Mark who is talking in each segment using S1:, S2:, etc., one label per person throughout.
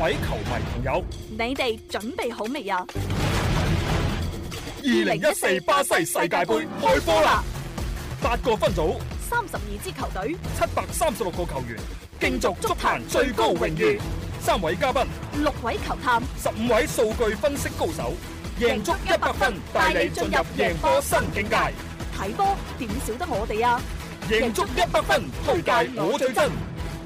S1: 位球迷朋友，你哋準備好未呀？二零一四巴西世界盃開波啦！八個分組，三十二支球隊，七百三十六個球員，競逐足壇最高榮譽。三位嘉賓，六位球探，十五位數據分析高手，贏足一百分，帶你進入贏波新境界。睇波點少得我哋呀？贏足一百分推介我最真。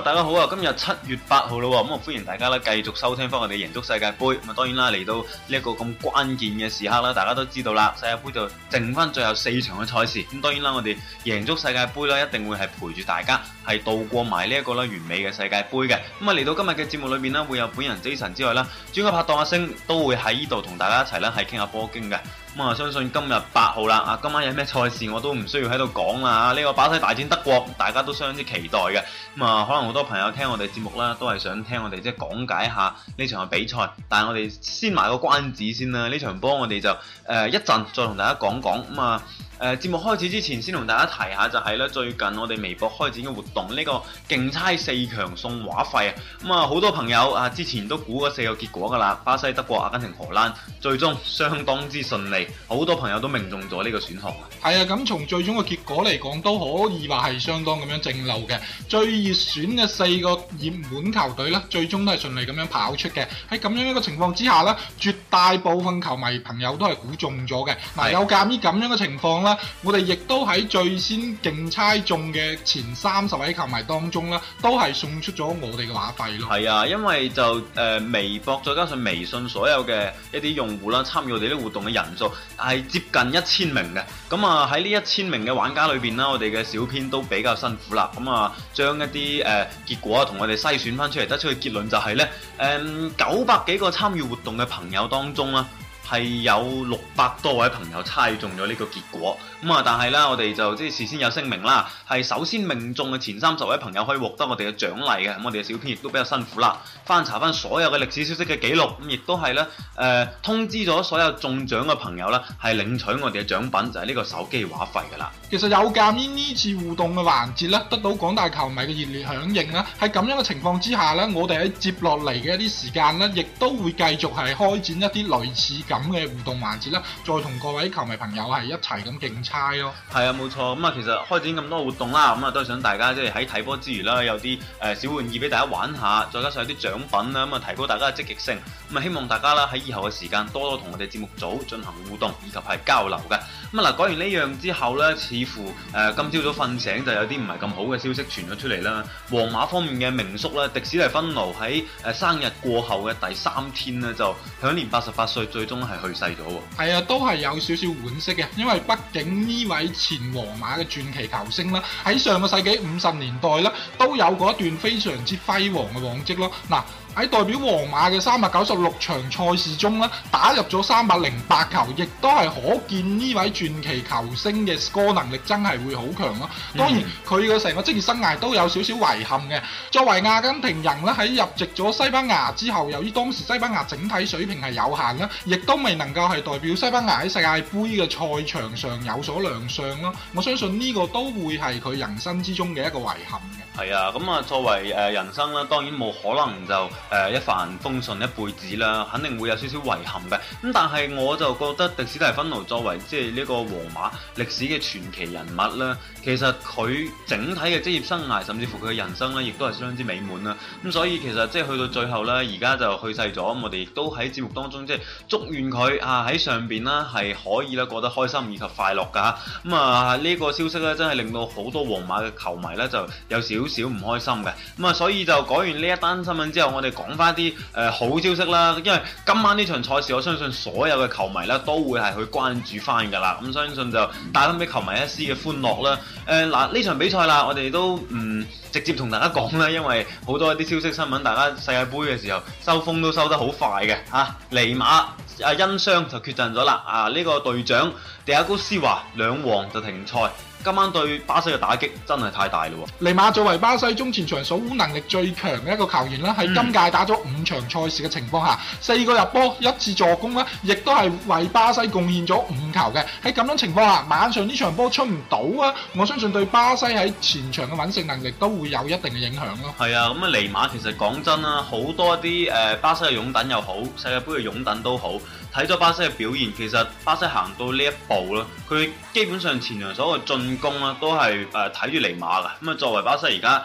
S2: 大家好啊！今日七月八號啦，咁啊歡迎大家咧繼續收聽翻我哋贏足世界杯。咁啊，當然啦，嚟到呢一個咁關鍵嘅時刻啦，大家都知道啦，世界杯就剩翻最後四場嘅賽事。咁當然啦，我哋贏足世界杯咧，一定會係陪住大家係度過埋呢一個咧完美嘅世界杯嘅。咁啊，嚟到今日嘅節目裏面呢，會有本人 Jason 之外啦，專業拍檔阿星都會喺呢度同大家一齊咧係傾下波經嘅。咁啊、嗯，相信今日八號啦，啊今晚有咩賽事我都唔需要喺度講啦，呢、呢個巴西大戰德國，大家都相之期待嘅，咁、嗯、啊、嗯、可能好多朋友聽我哋節目啦，都係想聽我哋即係講解下呢場嘅比賽，但係我哋先埋個關子先啦，呢場波我哋就誒、呃、一陣再同大家講講咁啊。嗯嗯。誒節目開始之前，先同大家提下就係咧，最近我哋微博開展嘅活動，呢個競猜四強送話費啊！咁啊，好多朋友啊，之前都估咗四個結果㗎啦。巴西、德國、阿根廷、荷蘭，最終相當之順利，好多朋友都命中咗呢個選項。
S1: 係啊，咁從最終嘅結果嚟講，都可以話係相當咁樣正路嘅。最熱選嘅四個熱門球隊咧，最終都係順利咁樣跑出嘅。喺咁樣一個情況之下咧，絕大部分球迷朋友都係估中咗嘅。嗱的，有鑑於咁樣嘅情況咧。我哋亦都喺最先競猜中嘅前三十位球迷當中啦，都係送出咗我哋嘅話費咯。
S2: 係啊，因為就誒、呃、微博再加上微信所有嘅一啲用戶啦，參與我哋啲活動嘅人數係接近一千名嘅。咁啊喺呢一千名嘅玩家裏邊啦，我哋嘅小編都比較辛苦啦。咁啊將一啲誒、呃、結果啊同我哋篩選翻出嚟，得出嘅結論就係、是、呢，誒九百幾個參與活動嘅朋友當中啦。係有六百多位朋友猜中咗呢個結果咁啊。但係咧，我哋就即係事先有聲明啦，係首先命中嘅前三十位朋友可以獲得我哋嘅獎勵嘅。我哋嘅小編亦都比較辛苦啦，翻查翻所有嘅歷史消息嘅記錄，咁亦都係咧誒通知咗所有中獎嘅朋友啦，係領取我哋嘅獎品就係、是、呢個手機話費噶啦。
S1: 其實有鑒於呢次互動嘅環節咧，得到廣大球迷嘅熱烈響應啦、啊，喺咁樣嘅情況之下咧，我哋喺接落嚟嘅一啲時間咧，亦都會繼續係開展一啲類似咁。咁嘅互動環節啦，再同各位球迷朋友係一齊咁競猜咯、哦。
S2: 係啊，冇錯。咁啊，其實開展咁多活動啦，咁啊都係想大家即係喺睇波之餘啦，有啲誒小玩意俾大家玩下，再加上有啲獎品啦，咁啊提高大家嘅積極性。咁啊，希望大家啦喺以後嘅時間多多同我哋節目組進行互動以及係交流嘅。咁啊嗱，講完呢樣之後咧，似乎誒今朝早瞓醒就有啲唔係咁好嘅消息傳咗出嚟啦。皇馬方面嘅名宿咧，迪斯蒂芬奴喺誒生日過後嘅第三天咧，就享年八十八歲，最終，
S1: 係去世咗喎，係啊，都係有少少惋惜嘅，因為畢竟呢位前皇馬嘅傳奇球星啦，喺上個世紀五十年代啦，都有過一段非常之輝煌嘅往績咯，嗱。喺代表皇馬嘅三百九十六場賽事中啦，打入咗三百零八球，亦都係可見呢位傳奇球星嘅 score 能力真係會好強咯。啊。嗯。當然佢嘅成個職業生涯都有少少遺憾嘅。作為阿根廷人啦，喺入籍咗西班牙之後，由於當時西班牙整體水平係有限啦，亦都未能夠係代表西班牙喺世界盃嘅賽場上有所亮相咯。我相信呢個都會係佢人生之中嘅一個遺憾
S2: 嘅。係啊，咁啊，作為誒人生啦，當然冇可能就～誒一帆風順一輩子啦，肯定會有少少遺憾嘅。咁但係我就覺得迪士蒂芬奴作為即係呢個皇馬歷史嘅傳奇人物啦，其實佢整體嘅職業生涯甚至乎佢嘅人生呢，亦都係相當之美滿啦。咁所以其實即係去到最後呢，而家就去世咗，我哋亦都喺節目當中即係祝願佢啊喺上邊啦係可以咧過得開心以及快樂㗎。咁啊呢個消息呢，真係令到好多皇馬嘅球迷呢，就有少少唔開心嘅。咁啊所以就講完呢一單新聞之後，我哋，講翻啲誒好消息啦，因為今晚呢場賽事，我相信所有嘅球迷啦都會係去關注翻噶啦，咁、嗯、相信就帶翻俾球迷一絲嘅歡樂啦。誒、呃、嗱，呢、呃、場比賽啦，我哋都唔直接同大家講啦，因為好多一啲消息新聞，大家世界杯嘅時候收風都收得好快嘅吓、啊。尼馬阿因傷就缺陣咗啦，啊呢、啊這個隊長迪亞高斯華兩黃就停賽。今晚對巴西嘅打擊真係太大咯喎！
S1: 尼馬作為巴西中前場守護能力最強嘅一個球員啦，喺、嗯、今屆打咗五場賽事嘅情況下，四個入波，一次助攻啦，亦都係為巴西貢獻咗五球嘅。喺咁樣情況下，晚上呢場波出唔到啊！我相信對巴西喺前場嘅穩勝能力都會有一定嘅影響咯。
S2: 係啊，咁啊尼馬其實講真啦，好多啲誒、呃、巴西嘅擁躉又好，世界杯嘅擁躉都好。睇咗巴西嘅表現，其實巴西行到呢一步啦，佢基本上前場所有進攻啦，都係誒睇住尼馬嘅。咁啊，作為巴西而家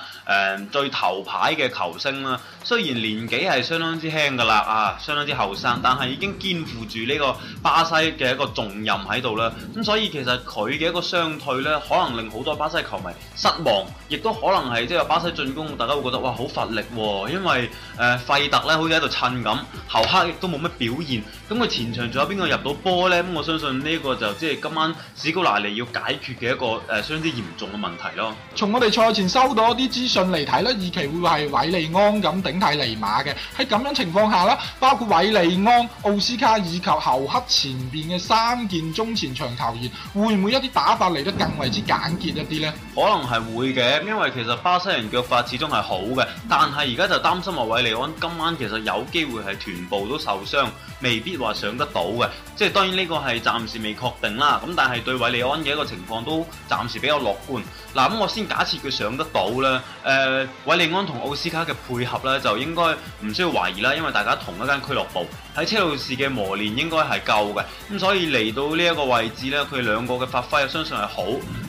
S2: 誒最頭牌嘅球星啦，雖然年紀係相當之輕噶啦，啊，相當之後生，但係已經肩負住呢個巴西嘅一個重任喺度啦。咁、嗯、所以其實佢嘅一個傷退咧，可能令好多巴西球迷失望，亦都可能係即係巴西進攻，大家會覺得哇好乏力、哦、因為誒費、呃、特咧好似喺度襯咁，侯克亦都冇乜表現，咁佢。前場仲有邊個入到波呢？咁我相信呢個就即係今晚史高拿利要解決嘅一個誒相當、呃、之嚴重嘅問題咯。
S1: 從我哋賽前收到啲資訊嚟睇呢二期會唔會係韋利安咁頂替尼馬嘅？喺咁樣情況下啦，包括韋利安、奧斯卡以及侯克前邊嘅三件中前場球員，會唔會一啲打法嚟得更為之簡潔一啲呢？可
S2: 能係會嘅，因為其實巴西人腳法始終係好嘅，但係而家就擔心阿韋利安今晚其實有機會係臀部都受傷，未必話上得到嘅，即係當然呢個係暫時未確定啦。咁但係對韋利安嘅一個情況都暫時比較樂觀。嗱，咁我先假設佢上得到啦。誒，韋利安同奧斯卡嘅配合咧就應該唔需要懷疑啦，因為大家同一間俱樂部喺車路士嘅磨練應該係夠嘅。咁所以嚟到呢一個位置咧，佢兩個嘅發揮相信係好。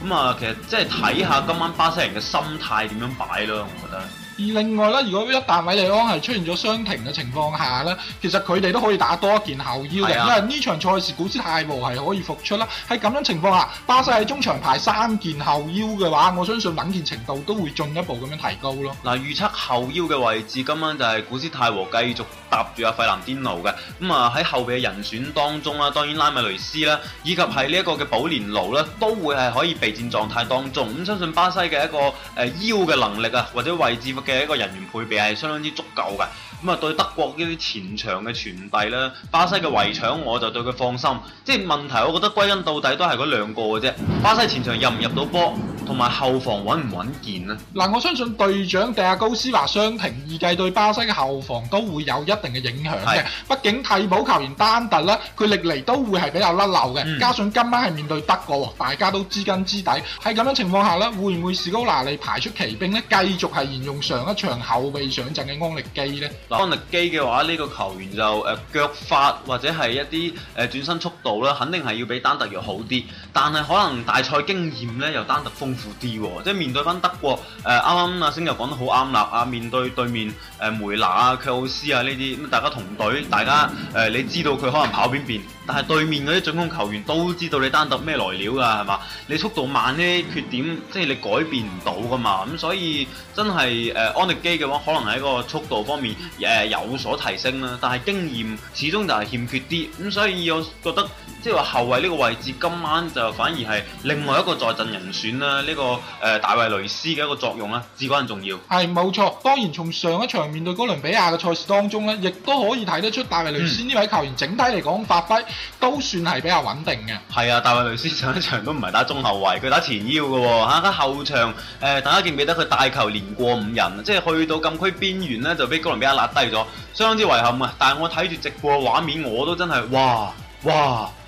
S2: 咁啊，其實即係睇下今晚巴西人嘅心態點樣擺咯，我覺得。
S1: 而另外咧，如果一旦米利安係出現咗傷停嘅情況下咧，其實佢哋都可以打多一件後腰嘅，是啊、因為呢場賽事古斯泰和係可以復出啦。喺咁樣情況下，巴西喺中場排三件後腰嘅話，我相信穩健程度都會進一步咁樣提高咯。
S2: 嗱，預測後腰嘅位置今，今晚就係、是、古斯泰和繼續搭住阿費蘭甸奴嘅。咁啊喺後備嘅人選當中啦，當然拉米雷斯啦，以及係呢一個嘅保連奴啦，都會係可以備戰狀態當中。咁相信巴西嘅一個誒、呃、腰嘅能力啊，或者位置。嘅一個人員配備係相當之足夠嘅，咁啊對德國呢啲前場嘅傳遞啦，巴西嘅圍搶我就對佢放心，即係問題，我覺得歸根到底都係嗰兩個嘅啫，巴西前場入唔入到波。同埋後防穩唔穩健咧？
S1: 嗱、嗯，我相信隊長迪亞高斯華傷停，預計對巴西嘅後防都會有一定嘅影響嘅。畢是竟替補球員丹特咧，佢歷嚟都會係比較甩漏嘅，嗯、加上今晚係面對德國，大家都知根知底。喺咁樣情況下呢，會唔會士高拿利排出奇兵呢，繼續係沿用上一場後備上陣嘅安力基呢？安力
S2: 基嘅話，呢、這個球員就誒腳法或者係一啲誒轉身速度咧，肯定係要比丹特要好啲。但係可能大賽經驗呢，又丹特豐。啲即係面對翻德國，誒啱啱阿星又講得好啱啦，面對對面誒、呃、梅拿啊、克魯斯啊呢啲，咁大家同隊，大家誒、呃、你知道佢可能跑邊邊。但係對面嗰啲進攻球員都知道你單突咩來料㗎係嘛？你速度慢咧缺點，即係你改變唔到㗎嘛？咁、嗯、所以真係誒安力基嘅話，可能喺一個速度方面誒、呃、有所提升啦。但係經驗始終就係欠缺啲咁、嗯，所以我覺得即係話後衞呢個位置今晚就反而係另外一個在陣人選啦。呢、呢個誒、呃、大衛雷斯嘅一個作用啦，至關重要。
S1: 係冇錯，當然從上一場面對哥倫比亞嘅賽事當中咧，亦都可以睇得出大衛雷斯呢位球員整體嚟講發揮。嗯嗯都算係比較穩定
S2: 嘅。係啊，大衛雷斯上一場都唔係打中後衞，佢打前腰嘅喎嚇。下下後場誒、呃，大家記唔記得佢帶球連過五人？即係去到禁區邊緣呢，就俾哥倫比亞攔低咗，相當之遺憾啊！但係我睇住直播畫面，我都真係哇哇哇！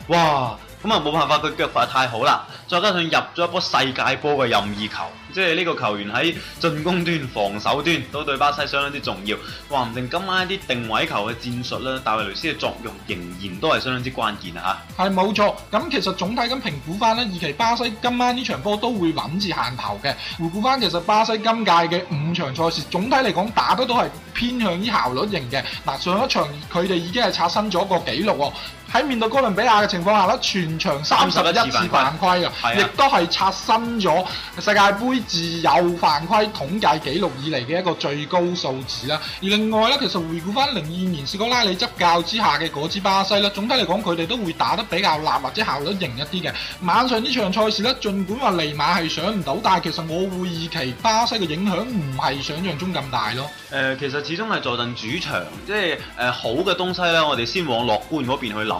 S2: 哇哇咁啊，冇辦法，佢腳法太好啦，再加上入咗一波世界波嘅任意球，即係呢個球員喺進攻端、防守端都對巴西相當之重要。話唔定今晚一啲定位球嘅戰術咧，戴維雷斯嘅作用仍然都係相當之關鍵啊！
S1: 吓，係冇錯。咁其實總體咁評估翻呢，預期巴西今晚呢場波都會諗住限頭嘅。回顧翻，其實巴西今屆嘅五場賽事，總體嚟講打得都係偏向於效率型嘅。嗱，上一場佢哋已經係刷新咗個紀錄喎。喺面對哥倫比亞嘅情況下呢，全場三十一次犯規啊，亦都係刷新咗世界盃自有犯規統計記錄以嚟嘅一個最高數字啦。而另外呢，其實回顧翻零二年斯科拉里執教之下嘅嗰支巴西呢，總體嚟講，佢哋都會打得比較辣或者效率型一啲嘅。晚上呢場賽事呢，儘管話尼馬係上唔到，但係其實我會預期巴西嘅影響唔係想像中咁大咯。
S2: 誒、呃，其實始終係坐鎮主場，即係誒、呃、好嘅東西呢，我哋先往樂觀嗰邊去諗。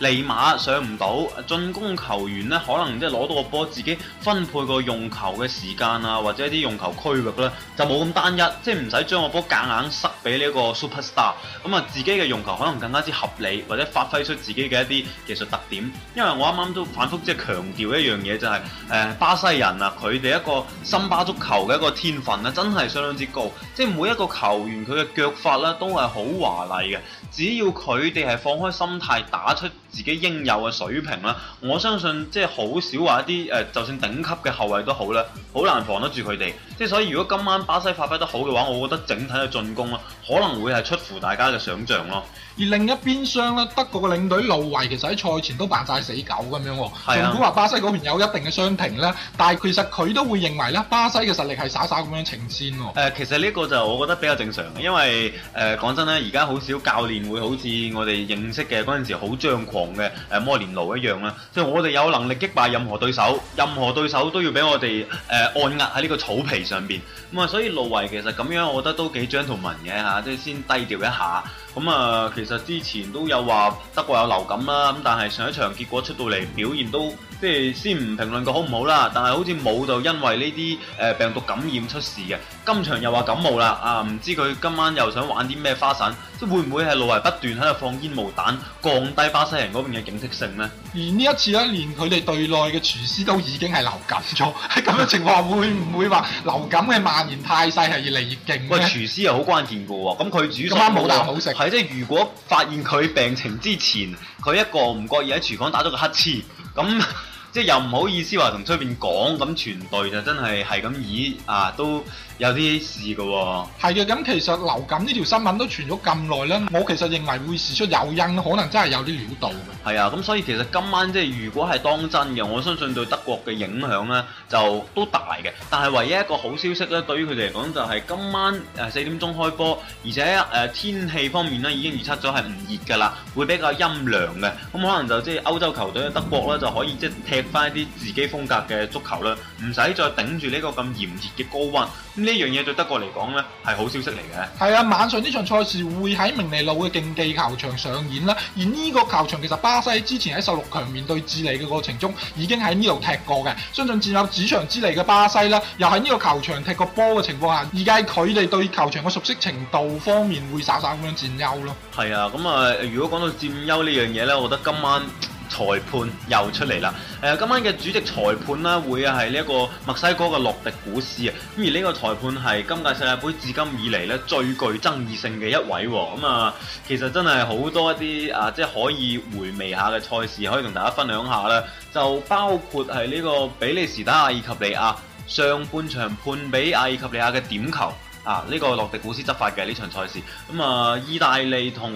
S2: 利馬上唔到，進攻球員咧可能即係攞到個波，自己分配個用球嘅時間啊，或者一啲用球區域咧，就冇咁單一，即係唔使將個波夾硬塞俾呢一個 super star，咁啊自己嘅用球可能更加之合理，或者發揮出自己嘅一啲技術特點。因為我啱啱都反覆即係強調一樣嘢、就是，就係誒巴西人啊，佢哋一個森巴足球嘅一個天分啊，真係相當之高，即、就、係、是、每一個球員佢嘅腳法咧都係好華麗嘅，只要佢哋係放開心態打出，自己應有嘅水平啦，我相信即係好少話一啲誒，就算頂級嘅後衛都好啦，好難防得住佢哋。即係所以，如果今晚巴西發揮得好嘅話，我覺得整體嘅進攻啦，可能會係出乎大家嘅想象咯。
S1: 而另一邊廂咧，德國嘅領隊盧維其實喺賽前都扮晒死狗咁樣喎、哦。儘管話巴西嗰邊有一定嘅傷停咧，但係其實佢都會認為咧，巴西嘅實力係稍稍咁樣呈現喎、
S2: 哦呃。其實呢一個就我覺得比較正常，因為誒講、呃、真咧，而家好少教練會好似我哋認識嘅嗰陣時好張狂嘅誒摩連奴一樣啦。即係我哋有能力擊敗任何對手，任何對手都要俾我哋誒、呃、按壓喺呢個草皮上邊。咁、嗯、啊，所以盧維其實咁樣，我覺得都幾 gentleman 嘅嚇，即、啊、係先低調一下。咁啊，其實之前都有話德國有流感啦，咁但係上一場結果出到嚟，表現都。即係先唔評論過好唔好啦，但係好似冇就因為呢啲誒病毒感染出事嘅。今場又話感冒啦，啊、呃、唔知佢今晚又想玩啲咩花筍，即係會唔會係老係不斷喺度放煙霧彈，降低巴西人嗰邊嘅警惕性呢？而呢一
S1: 次咧，連佢哋隊內嘅廚師都已經係流感咗，喺咁嘅情況會唔會話流感嘅蔓延態勢係越嚟越勁喂，廚
S2: 師又好關鍵嘅喎，咁佢煮餐冇啖好食，係即係如果發現佢病情之前，佢一個唔覺意喺廚房打咗個乞嗤。咁即係又唔好意思話同出邊講，咁全隊就真係係咁以啊都。有啲事㗎喎、哦，
S1: 係嘅。咁其實流感呢條新聞都傳咗咁耐啦，我其實認為會事出有因，可能真係有啲料到
S2: 嘅。係啊，咁所以其實今晚即係如果係當真嘅，我相信對德國嘅影響呢就都大嘅。但係唯一一個好消息呢，對於佢哋嚟講就係今晚誒四點鐘開波，而且誒、呃、天氣方面呢已經預測咗係唔熱㗎啦，會比較陰涼嘅。咁可能就即係歐洲球隊德國呢就可以即係踢返一啲自己風格嘅足球啦，唔使再頂住呢個咁炎熱嘅高溫。呢樣嘢對德國嚟講呢係好消息嚟嘅。
S1: 係啊，晚上呢場賽事會喺明尼路嘅競技球場上演啦。而呢個球場其實巴西之前喺十六強面對智利嘅過程中，已經喺呢度踢過嘅。相信佔有主場之利嘅巴西啦，又喺呢個球場踢過波嘅情況下，而家佢哋對球場嘅熟悉程度方面會稍稍咁樣佔優咯。
S2: 係啊，咁啊，如果講到佔優呢樣嘢呢，我覺得今晚。裁判又出嚟啦！誒、呃，今晚嘅主席裁判呢，會係呢一個墨西哥嘅洛迪古斯啊。咁而呢個裁判係今屆世界盃至今以嚟呢最具爭議性嘅一位喎、哦。咁、嗯、啊，其實真係好多一啲啊，即係可以回味下嘅賽事，可以同大家分享下咧，就包括係呢個比利時打阿爾及利亞，上半場判俾阿爾及利亞嘅點球。啊！呢、這個洛迪古斯執法嘅呢場賽事，咁、嗯、啊，意大利同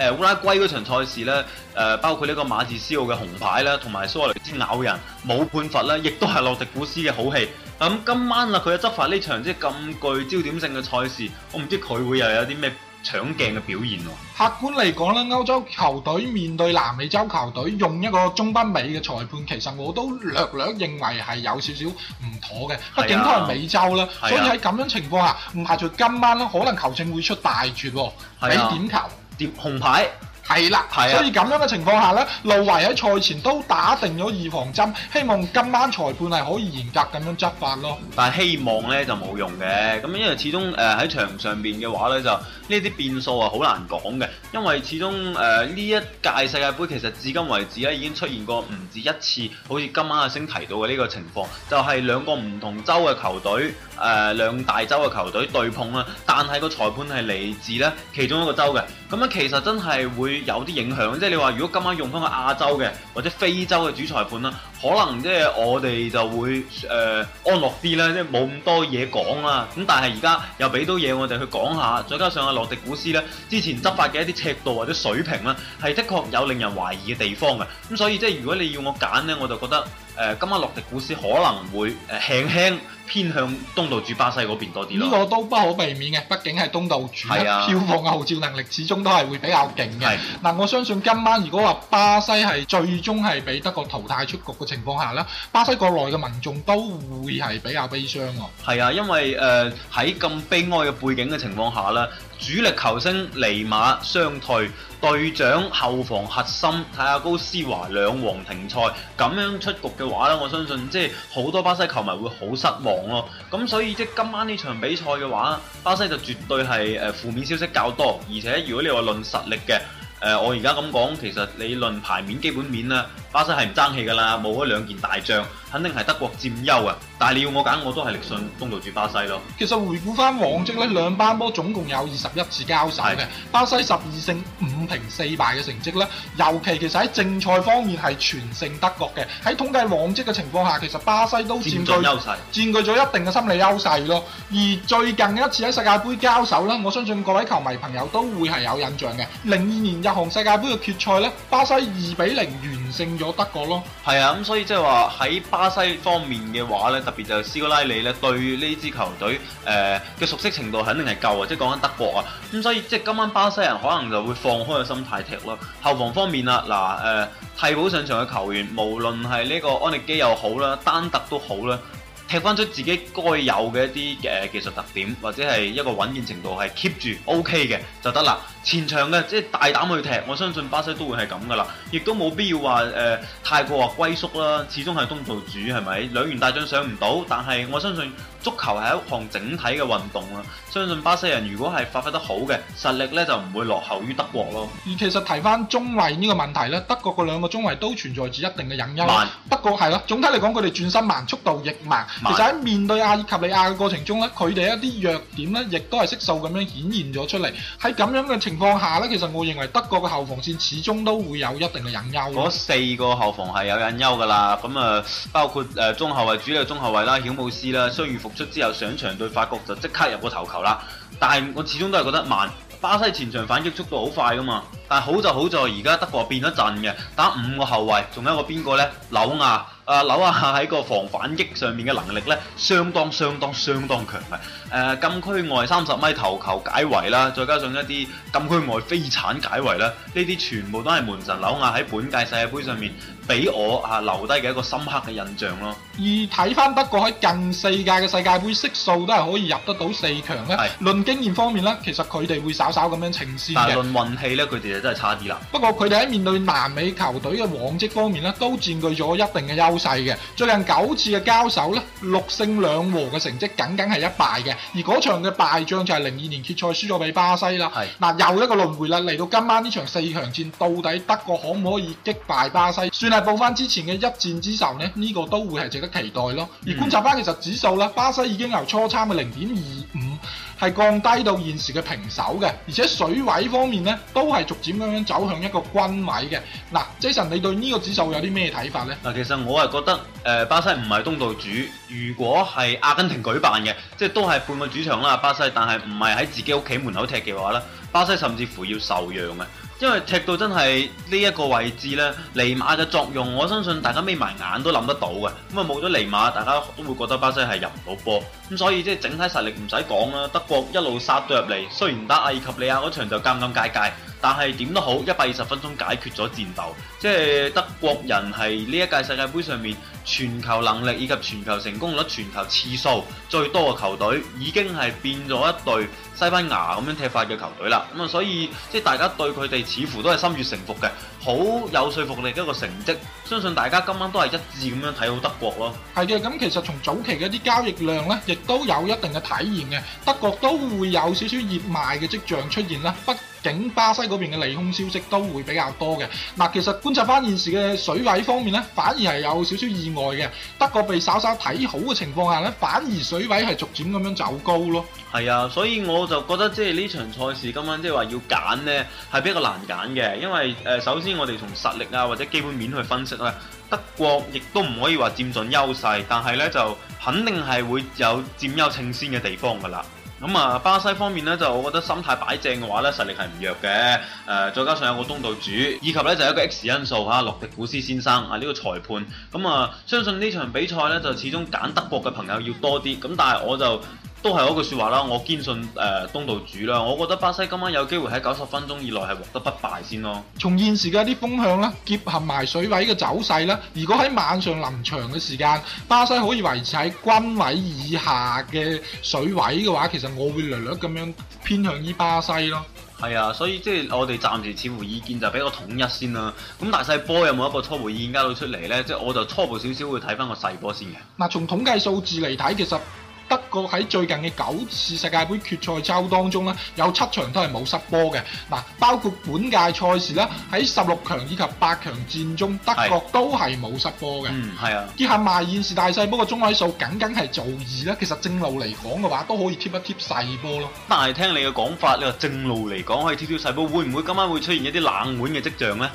S2: 誒烏拉圭嗰場賽事呢，誒、呃、包括呢個馬治斯奧嘅紅牌啦，同埋蘇亞雷斯咬人冇判罰咧，亦都係洛迪古斯嘅好戲。咁、嗯、今晚啊，佢嘅執法呢場即係咁具焦點性嘅賽事，我唔知佢會又有啲咩搶鏡嘅表現喎。
S1: 客觀嚟講咧，歐洲球隊面對南美洲球隊，用一個中北美嘅裁判，其實我都略略認為係有少少唔妥嘅。畢竟都係美洲啦，啊、所以喺咁樣情況下，唔排除今晚咧，可能球證會出大絕喎，俾、啊、點球跌紅牌。係啦，所以咁樣嘅情況下呢，路維喺賽前都打定咗預防針，希望今晚裁判係可以嚴格咁樣執法咯。但係希望
S2: 呢就冇用嘅，咁因為始終誒喺場上邊嘅話呢就呢啲變數啊好難講嘅，因為始終誒、呃、呢、呃、一屆世界杯其實至今為止咧已經出現過唔止一次，好似今晚阿星提到嘅呢個情況，就係、是、兩個唔同州嘅球隊誒兩大洲嘅球隊對碰啦，但係個裁判係嚟自呢其中一個州嘅，咁樣其實真係會。有啲影響，即係你話如果今晚用翻個亞洲嘅或者非洲嘅主裁判啦，可能即係我哋就會誒、呃、安樂啲啦，即係冇咁多嘢講啦。咁但係而家又俾到嘢我哋去講下，再加上阿、啊、洛迪古斯咧之前執法嘅一啲尺度或者水平啦，係的確有令人懷疑嘅地方嘅。咁所以即、就、係、是、如果你要我揀呢，我就覺得。誒，今晚洛迪古斯可能會誒輕輕偏向東
S1: 道主巴西嗰邊多啲啦。呢個都不可避免嘅，畢竟係東道主，係啊，票房嘅號召能力始終都係會比較勁嘅。嗱，我相信今晚如果話巴西係最終係俾德國淘汰出局嘅情況下咧，巴西國內嘅民眾都會係比較悲傷喎。係
S2: 啊，因為誒喺咁悲哀嘅背景嘅情況下咧。主力球星尼馬傷退，隊長後防核心睇下高斯華兩黃停賽，咁樣出局嘅話咧，我相信即係好多巴西球迷會好失望咯、哦。咁所以即係今晚呢場比賽嘅話，巴西就絕對係誒負面消息較多，而且如果你話論實力嘅，誒我而家咁講，其實你論排面基本面咧。巴西係唔爭氣㗎啦，冇咗兩件大將，肯定係德國佔優啊！但係你要我揀，我都係力信東道主
S1: 巴西咯。其實回顧翻往績呢，兩班波總共有二十一次交手嘅，的巴西十二勝五平四敗嘅成績咧，尤其其實喺正賽方面係全勝德國嘅。喺統計往績嘅情況下，其實巴西都佔咗優勢，佔據咗一定嘅心理優勢咯。而最近一次喺世界盃交手咧，我相信各位球迷朋友都會係有印象嘅。零二年日韓世界盃嘅決賽咧，巴西二比零完勝。我德國咯，
S2: 係啊，咁所以即係話喺巴西方面嘅話呢，特別就斯哥拉里呢，對呢支球隊誒嘅、呃、熟悉程度肯定係夠啊！即係講緊德國啊，咁所以即係今晚巴西人可能就會放開個心態踢咯。後防方面啊，嗱、呃、誒，替補上場嘅球員，無論係呢個安力基又好啦，丹特都好啦。踢翻出自己該有嘅一啲嘅技術特點，或者係一個穩健程度係 keep 住 OK 嘅就得啦。前場嘅即係大膽去踢，我相信巴西都會係咁噶啦，亦都冇必要話誒太過話歸宿啦。始終係東道主係咪？兩員大將上唔到，但係我相信足球係一項整體嘅運動啦。相信巴西人如果係發揮得好嘅實力咧，就唔會落後於德國咯。
S1: 而其實提翻中衞呢個問題咧，德國嗰兩個中衞都存在住一定嘅隱憂。慢，不過係咯，總體嚟講佢哋轉身慢，速度亦慢。慢其實喺面對阿爾及利亞嘅過程中咧，佢哋一啲弱點咧，亦都係悉數咁樣顯現咗出嚟。喺咁樣嘅情況下咧，其實我認為德國嘅後防線始終都會有一定嘅隱憂。嗰
S2: 四個後防係有隱憂㗎啦，咁啊包括誒中後衞，主力中後衞啦，曉姆斯啦，雖然復出之後上場對法國就即刻入個頭球啦，但係我始終都係覺得慢。巴西前場反擊速度好快㗎嘛。但好就好在而家德國變咗陣嘅，打五個後衞，仲有一個邊個呢？紐亞啊，紐亞喺個防反擊上面嘅能力呢，相當相當相當強嘅。誒、呃、禁區外三十米頭球解圍啦，再加上一啲禁區外飛鏟解圍啦，呢啲全部都係門神紐亞喺本屆世界盃上面俾我啊留低嘅一個深刻嘅印象咯。
S1: 而睇翻德國喺近四屆嘅世界盃悉數都係可以入得到四強咧。係是。論經驗方面呢，其實佢哋會稍稍咁樣情線，但係論
S2: 運氣呢，佢哋，真係差啲
S1: 啦，不過佢哋喺面對南美球隊嘅往績方面咧，都佔據咗一定嘅優勢嘅。最近九次嘅交手咧，六勝兩和嘅成績，僅僅係一敗嘅。而嗰場嘅敗仗就係零二年決賽輸咗俾巴西啦。係是，嗱又一個輪回啦，嚟到今晚呢場四強戰，到底德國可唔可以擊敗巴西？算係報翻之前嘅一戰之仇呢，呢、呢個都會係值得期待咯。嗯、而觀察翻其實指數啦，巴西已經由初參嘅零點二。係降低到現時嘅平手嘅，而且水位方面咧都係逐漸咁樣走向一個均位嘅。嗱，Jason，你對呢個指數有啲咩睇法呢？
S2: 嗱，其實我係覺得，誒、呃，巴西唔係東道主，如果係阿根廷舉辦嘅，即係都係半個主場啦，巴西，但係唔係喺自己屋企門口踢嘅話咧，巴西甚至乎要受讓嘅。因為踢到真係呢一個位置呢，尼馬嘅作用，我相信大家眯埋眼都諗得到嘅。咁啊冇咗尼馬，大家都會覺得巴西係入唔到波。咁所以即係整體實力唔使講啦。德國一路殺咗入嚟，雖然打阿爾及利亞嗰場就尷尷尬尬。但係點都好，一百二十分鐘解決咗戰鬥，即係德國人係呢一屆世界盃上面全球能力以及全球成功率、全球次數最多嘅球隊，已經係變咗一隊西班牙咁樣踢法嘅球隊啦。咁啊，所以即係大家對佢哋似乎都係心悅誠服嘅，好有說服力嘅一個成績，相信大家
S1: 今晚都係一致咁樣睇好德國咯。係嘅，咁其實從早期嘅啲交易量呢，亦都有一定嘅體現嘅，德國都會有少少熱賣嘅跡象出現啦，不景巴西嗰邊嘅利空消息都會比較多嘅。嗱，其實觀察翻現時嘅水位方面咧，反而係有少少意外嘅。德國被稍稍睇好嘅情況下咧，反而水位係逐漸咁樣走高咯。
S2: 係啊，所以我就覺得即係呢場賽事今晚即係話要揀咧，係比較難揀嘅。因為誒、呃、首先我哋從實力啊或者基本面去分析咧，德國亦都唔可以話佔盡優勢，但係咧就肯定係會有佔優稱先嘅地方噶啦。咁啊、嗯，巴西方面咧，就我覺得心態擺正嘅話咧，實力係唔弱嘅。誒、呃，再加上有個東道主，以及咧就係、一個 X 因素吓，洛、啊、迪古斯先生啊呢、呢個裁判。咁、嗯、啊，相信呢場比賽咧，就始終揀德國嘅朋友要多啲。咁但係我就。都係嗰句說話啦，我堅信誒、呃、東道主啦，我覺得巴西今晚有機會喺九十分鐘以內係獲得不敗先咯。
S1: 從現時嘅一啲風向啦，結合埋水位嘅走勢啦，如果喺晚上臨場嘅時間，巴西可以維持喺均位以下嘅水位嘅話，其實我會略略咁樣偏向於巴西咯。
S2: 係啊，所以即係我哋暫時似乎意見就比較統一先啦。咁大細波有冇一個初步意見交到出嚟呢？即係我就初步少少會睇翻個細波先嘅。
S1: 嗱，從統計數字嚟睇，其實。不過喺最近嘅九次世界杯決賽周當中咧，有七場都係冇失波嘅。嗱，包括本屆賽事咧，喺十六強以及八強戰中，德國都係冇失波嘅。嗯，係啊。結合埋現時大細波嘅中位數僅僅係做二啦。其實正路嚟講嘅話，都可以貼一貼細波咯。
S2: 但係聽你嘅講法，你話正路嚟講可以貼一貼細波，會唔會今晚會出現一啲冷門嘅跡象呢？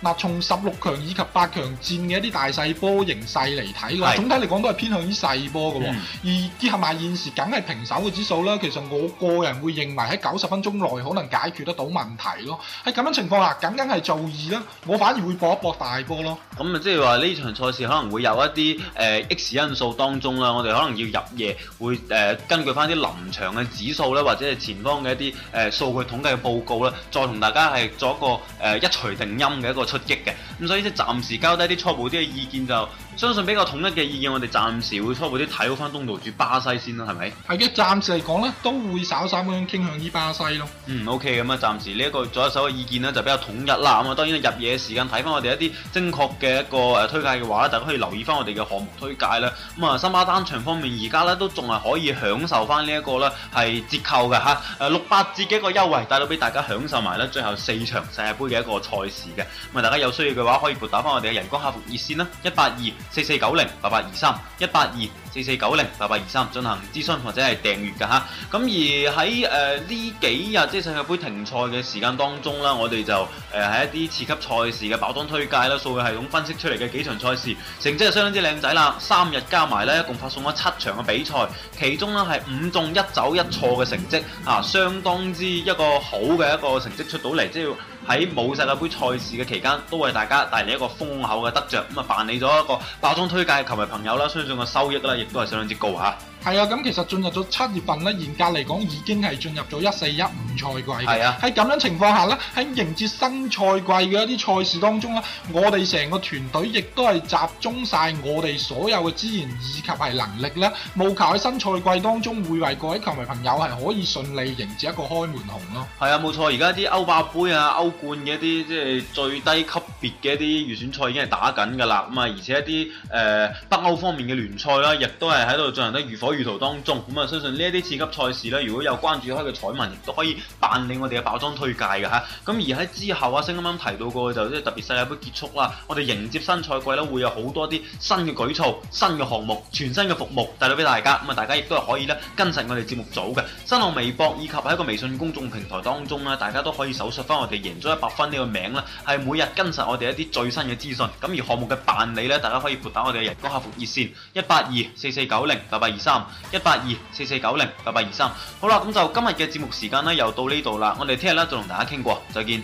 S1: 嗱，從十六強以及八強戰嘅一啲大細波形勢嚟睇，個是總體嚟講都係偏向於細波嘅，嗯、而結合埋現時梗係平手嘅指數啦。其實我個人會認為喺九十分鐘內可能解決得到問題咯。喺咁樣情況下，僅僅係做二啦，我反而會搏一搏大波咯。
S2: 咁啊，即係話呢場賽事可能會有一啲誒、呃、X 因素當中啦，我哋可能要入夜會誒、呃、根據翻啲臨場嘅指數啦，或者係前方嘅一啲誒、呃、數據統計嘅報告啦，再同大家係作一個誒、呃、一錘定音嘅一個。出擊嘅，咁所以即係暫時交低啲初步啲嘅意見就。相信比較統一嘅意見，我哋暫時會初步啲睇好翻東道主巴西先啦，係咪？
S1: 係嘅，暫時嚟講咧，都會稍稍咁樣傾向於巴西咯。
S2: 嗯，OK，咁、嗯、啊，暫時呢一個左手嘅意見咧就比較統一啦。咁、嗯、啊，當然入夜時間睇翻我哋一啲精確嘅一個誒推介嘅話大家可以留意翻我哋嘅項目推介啦。咁、嗯、啊，森巴單場方面而家咧都仲係可以享受翻呢一個咧係折扣嘅吓，誒六八折嘅一個優惠帶到俾大家享受埋啦。最後四場世界杯嘅一個賽事嘅，咁、嗯、啊，大家有需要嘅話可以撥打翻我哋嘅人工客服熱線啦，一八二。四四九零八八二三一八二。四四九零八八二三，進行諮詢或者係訂閲嘅吓。咁、啊、而喺誒呢幾日即係世界杯停賽嘅時間當中啦，呢我哋就誒喺、呃、一啲次級賽事嘅包裝推介啦，數據系統分析出嚟嘅幾場賽事成績係相當之靚仔啦，三日加埋咧一共發送咗七場嘅比賽，其中呢係五中一走一錯嘅成績啊，相當之一個好嘅一個成績出到嚟，即係喺冇世界杯賽事嘅期間都為大家帶嚟一個豐厚嘅得着。咁啊辦理咗一個包裝推介，球迷朋友啦，相信個收益啦。亦都係相當之高嚇。
S1: 係啊，咁其實進入咗七月份咧，現格嚟講已經係進入咗一四一五賽季啊，喺咁的樣情況下咧，喺迎接新賽季嘅一啲賽事當中咧，我哋成個團隊亦都係集中晒我哋所有嘅資源以及係能力咧，無求喺新賽季當中會為各位球迷朋友係可以順利迎接一個開門紅咯。
S2: 係啊，冇錯，而家啲歐霸杯啊、歐冠嘅一啲即係最低級別嘅一啲預選賽已經係打緊㗎啦，咁啊，而且一啲誒北歐方面嘅聯賽啦，亦都係喺度進行得預防。彩預圖當中，咁啊相信呢一啲刺激賽事咧，如果有關注開嘅彩民，亦都可以辦理我哋嘅包裝推介嘅嚇。咁而喺之後，阿星啱啱提到過，就即係特別世界杯結束啦，我哋迎接新賽季咧，會有好多啲新嘅舉措、新嘅項目、全新嘅服務帶到俾大家。咁啊，大家亦都係可以咧跟實我哋節目組嘅新浪微博，以及喺個微信公眾平台當中咧，大家都可以搜索翻我哋贏足一百分呢個名啦，係每日跟實我哋一啲最新嘅資訊。咁而項目嘅辦理咧，大家可以撥打我哋嘅人工客服熱線一八二四四九零八八二三。一八二四四九零八八二三，好啦，咁就今日嘅節目時間呢，又到呢度啦，我哋聽日呢，再同大家傾過，再見。